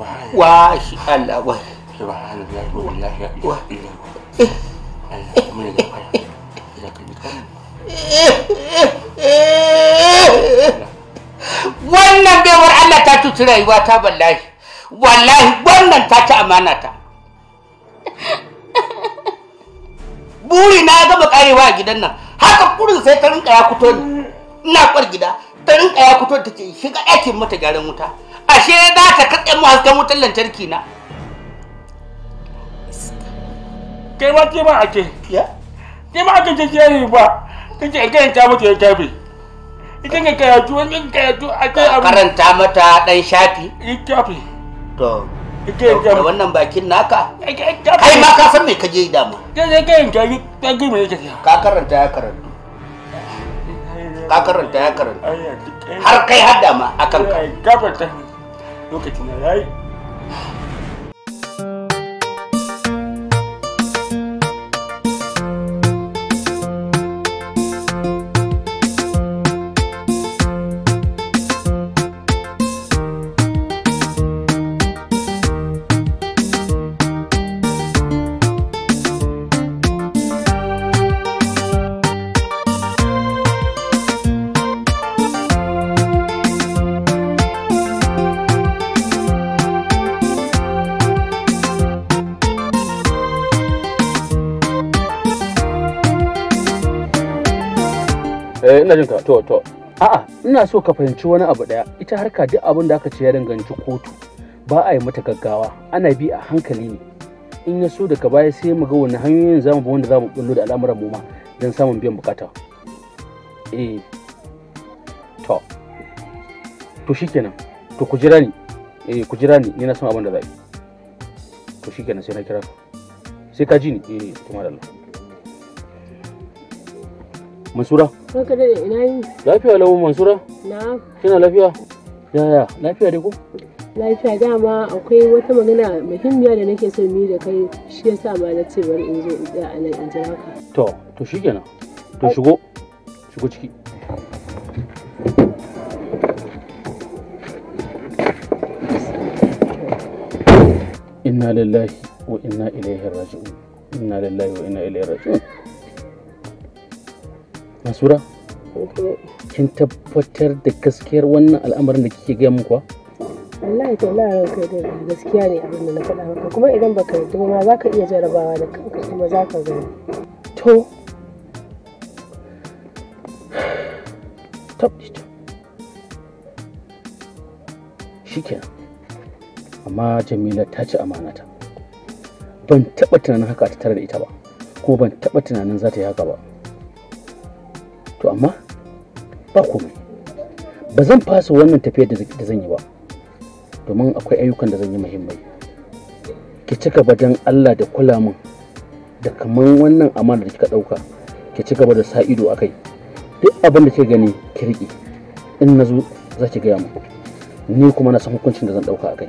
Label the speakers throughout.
Speaker 1: Allah wa wannan baiwar Allah ta tutu rayuwa ta wallahi wallahi wannan ta ci amana ta buri na gaba karewa a gidan nan haka kurin sai ta rinka ya ni ina kwar gida ta rinka ya kuto ta ce shiga ɗakin mata gyaran wuta ashe za ta katse mu hasken wutar lantarki na kai ba ke ba ake ya ke ba ake ce ba kike kake ta mutu ya kabe ita ne karatu wani ne karatu a kai abu karanta mata dan shafi kafi to kike da wannan bakin naka kai ma ka san me ka je dama kai ne kai ka yi ta gumi ne kake ka karanta ya karanta ka karanta ya karanta har kai har dama akan ka 我给你来。
Speaker 2: eh ina jin ka to to a'a ina so ka fahimci wani abu daya ita harka duk abin da aka ce ya danganci kotu ba a yi mata gaggawa ana bi a hankali ne in ya so daga baya sai mu ga wani hanyoyin zamu bi wanda zamu bullo da al'amuran mu ma don samun biyan bukata eh to to shikenan to ku jira ni eh ku jira ni ni na san abin da yi. to shikenan sai na kira ka sai ka ji ni eh to madalla Mansura? da ina yi? Lafiya lamu Mansura? Na. Kina lafiya? ya ya lafiya dai ko?
Speaker 1: Lafiya dama akwai wata magana muhimmiya da nake son ni da kai shi yasa ma na ce bari in zo in tsaya in ji ka.
Speaker 2: To, to shikenan. To shigo. Shigo ciki. Inna lillahi wa inna ilaihi raji'un. Inna lillahi wa inna ilaihi raji'un. Mansura? Kin tabbatar da gaskiyar wannan al'amarin da kike gaya min kuwa?
Speaker 3: wallahi to la ranka da gaskiya ne abin da na faɗa maka kuma idan baka yi ma za ka iya jarabawa
Speaker 1: da kanka kuma za ka gani to
Speaker 2: top dito shikenan amma jamila ta ci amanata ban taɓa tunanin haka ta tare da ita ba ko ban taɓa tunanin za ta yi haka ba to amma ba komai ba zan fasa wannan tafiyar da zan yi ba domin akwai ayyukan da zan yi muhimmai ki ci gaba don allah da kula min da kamar wannan amana da kika ɗauka ki ci gaba da sa ido a kai duk abin da ke gani ki in na za ki gaya mu, ni kuma na san hukuncin da zan ɗauka a kai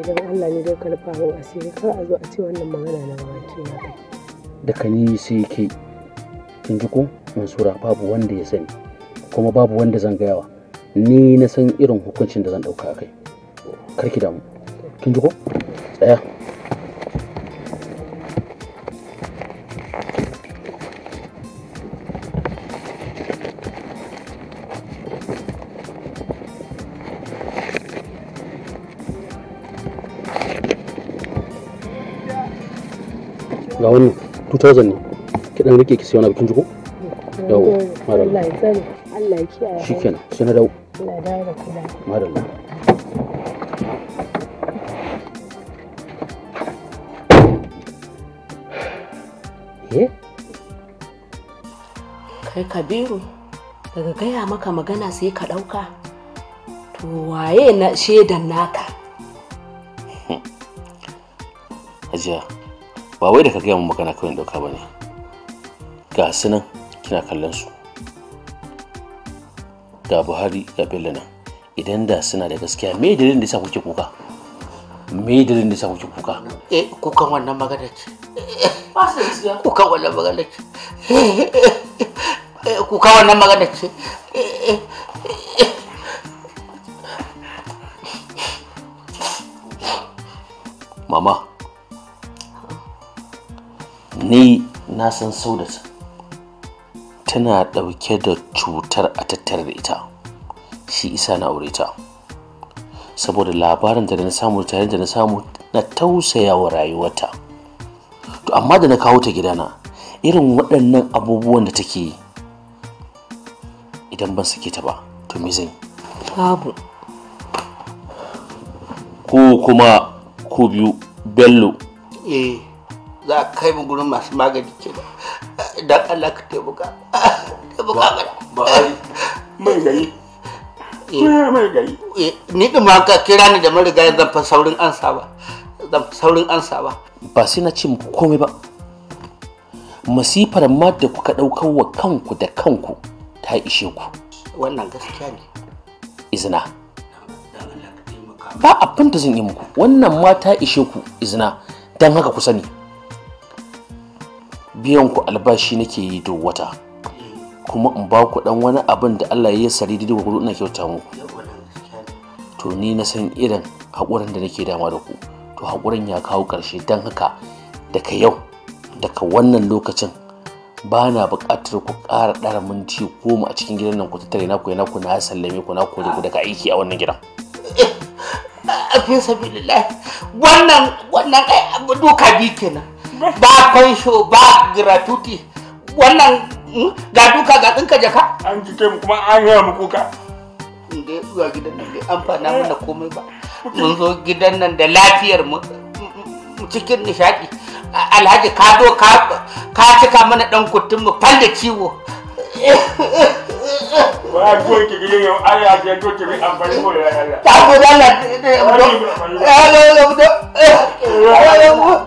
Speaker 3: idan Allah ne zai karfa mu asiri kar a zo a ce wannan magana na baki na
Speaker 2: da kani sai ke sun ji ko mansura babu wanda ya sani kuma babu wanda zan gayawa ni na san irin hukuncin da zan dauka kai karki damu kin ji ko tsaya ga wannan 2000 ne kiɗan rike ki sai wani bikin jiko yawo eh, madalla Allah ya
Speaker 1: tsare, Allah ya kiyaye Shi kenan, sai na dawo Allah ya dawo da kula madalla eh? kai kabiru daga gaya maka magana sai ka ɗauka to waye na shaidan naka hajiya
Speaker 2: ba wai da ka gaya mu magana kawai ɗauka ba ne ga su nan kina kallon su ga buhari ga bello nan idan da suna da gaskiya me dalilin da yasa kuke kuka me dalilin da yasa kuke kuka
Speaker 1: eh kukan wannan magana ce kukan wannan magana ce eh, kukan wannan magana ce
Speaker 2: mama ni na san sau da sau tana ɗauke da cutar a tattare da ita shi isa na aure ta saboda labarin da na samu tare da na samu na tausaya wa rayuwarta to amma da na kawo ta gidana irin waɗannan abubuwan da take yi idan ban sake ta ba to me zan babu ko kuma ko biyu bello
Speaker 1: eh za a kai mu gurin masu magani ke ba idan Allah ka taimaka taimaka ba ba mai gari eh. mai gari eh, ni din ma ka kira ni da marigayi zan fa saurin ansa ba zan fa saurin ansa ba
Speaker 2: ba sai na ce muku komai ba masifar ma da kuka ɗaukar wa kanku da kanku ta ishe ku
Speaker 1: wannan gaskiya ne
Speaker 2: izina ba abin da zan yi muku wannan ma ta ishe ku izina don haka ku sani biyan ku albashi nake yi duk wata kuma in ba ku dan wani abin da Allah ya sari da gudu ina kyauta muku to ni na san irin haƙurin da nake dama da ku to haƙurin ya kawo karshe dan haka daga yau daga wannan lokacin ba na buƙatar ku ƙara ɗara minti goma a cikin gidan nan ku tattare na ku yana ku na sallame ku na da ku daga aiki a wannan gidan eh,
Speaker 1: a fi sabilillah wannan wannan ai abu doka bi kenan ba fansho ba gratuity wannan ga duka ga tsinka jaka an ji mu kuma an mu kuka inda ya zuwa gidan nan bai amfana mana komai ba mun zo gidan nan da lafiyar mu cikin nishaɗi alhaji ka zo ka cika mana ɗan kutun mu falle ciwo ba ko ki gidan yau ai ya ki amfani ko ya Allah ta go da Allah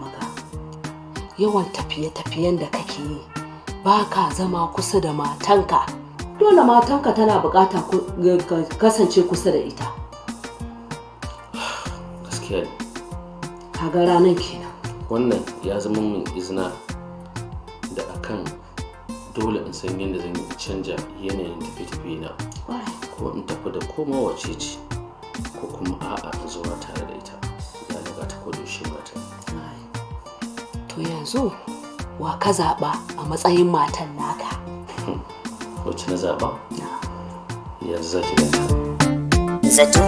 Speaker 1: yawan tafiye-tafiyen da kake yi ba ka zama kusa da matanka dole matanka tana bukata kasance kusa da ita gaskiya kaga ranar kenan
Speaker 2: wannan ya zama min izina da akan dole in san yadda zan canja yanayin tafiye-tafiye na ko in tafi da koma wace ce ko kuma a'a zuwa tare
Speaker 1: yanzu wa ka zaɓa a matsayin matan naka
Speaker 2: wacce na zaɓa yanzu za ki zato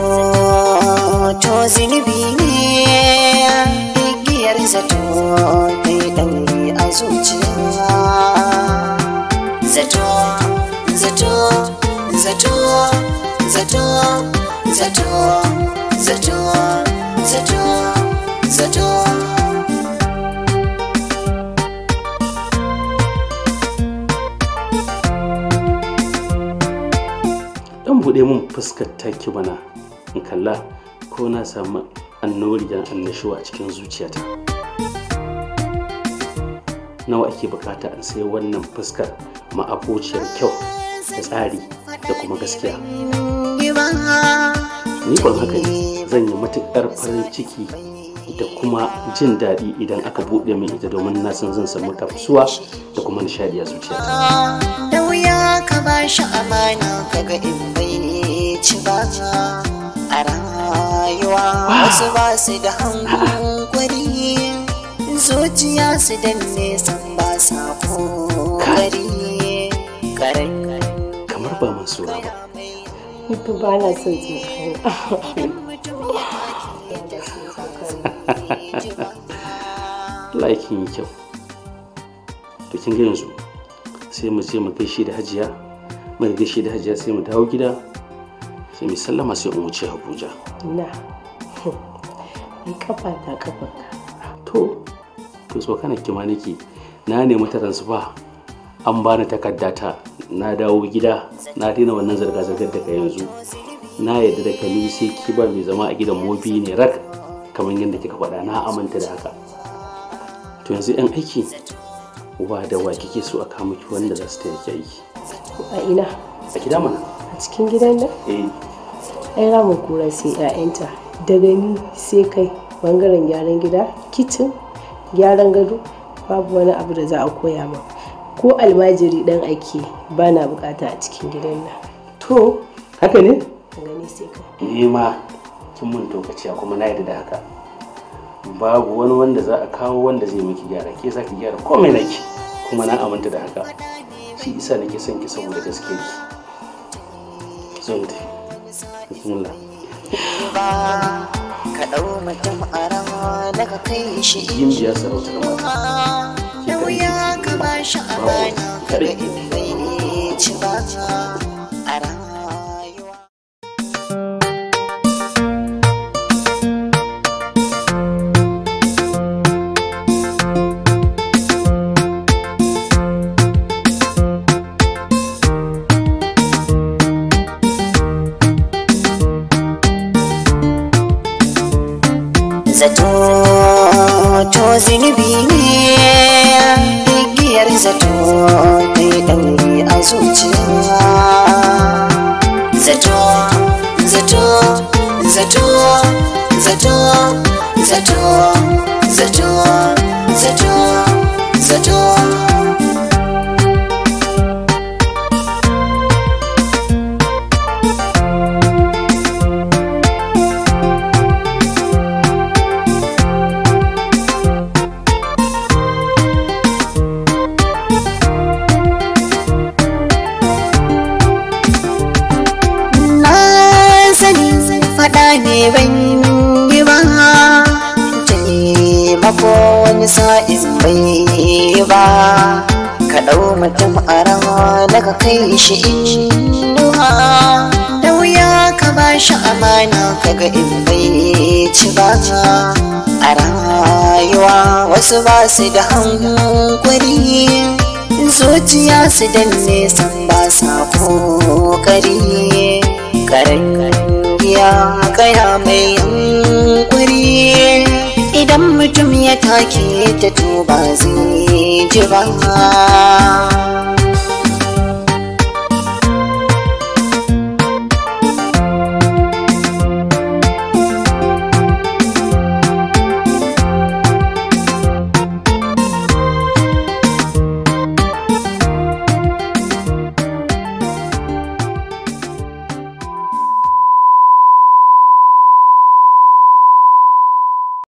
Speaker 3: to zunubi ne igiyar zato kai ɗauri a zuciya zato zato zato zato zato zato zato zato
Speaker 2: buɗe mun fuskar taki bana in kalla ko na samu annori da annashuwa a cikin zuciyata nawa ake bukata in sai wannan fuskar ma'abociyar kyau da tsari da kuma gaskiya ni ban haka ne zan yi matuƙar farin ciki da kuma jin daɗi idan aka buɗe min ita domin na san zan samu tafsuwa da kuma nishadi a zuciyata
Speaker 3: wuya ka ba shi amana kaga in bai ci ba a rayuwa wasu ba su da hangun kwari zuciya su da nesan ba sa kokari
Speaker 2: karen kamar ba masu ba ba
Speaker 3: na son tsakani
Speaker 2: laikin kyau to kin ga yanzu sai mu je mu gaishe da hajiya mu gaishe da hajiya sai mu dawo gida sai mu sallama sai mu wuce Abuja
Speaker 3: na ni kafa ta kafa
Speaker 2: to to so kana kima nake na nemi transfer an bani takarda ta na dawo gida na daina wannan zarga zargar daga yanzu na yadda da kani sai ki ba mai zama a gidan mobi ne rak kamar yadda kika faɗa na aminta da haka to yanzu yan aiki uba da wa kike so a kawo miki wanda za su yake aiki a ina a gida mana
Speaker 3: a cikin gidan nan eh ai ramu kura sai 'ya'yanta daga ni sai kai bangaren gyaran gida kicin gyaran gado babu wani abu da za a koya ma, ko almajiri dan ake ba na bukata a cikin gidan nan to
Speaker 2: haka ne gani sai kai ni eh ma kin mun tokaciya kuma na yarda da haka babu wani wanda za a kawo wanda zai miki gyara ke za ki gyara komai naki kuma na aminta da haka shi isa na kisan ki saboda gaske ki zan ta bismillah ka dau mutum a
Speaker 3: rama daga kai shi yin biya sarauta da mata da wuya ka ba shi amana ka ga ci ba kai shi duha da wuya ka ba shi amana kaga in bai ci ba a rayuwa wasu ba su da hankuri zuciya su danne san ba sa kokari karen ya kaya mai yankuri idan mutum ya take ta to zai ji ba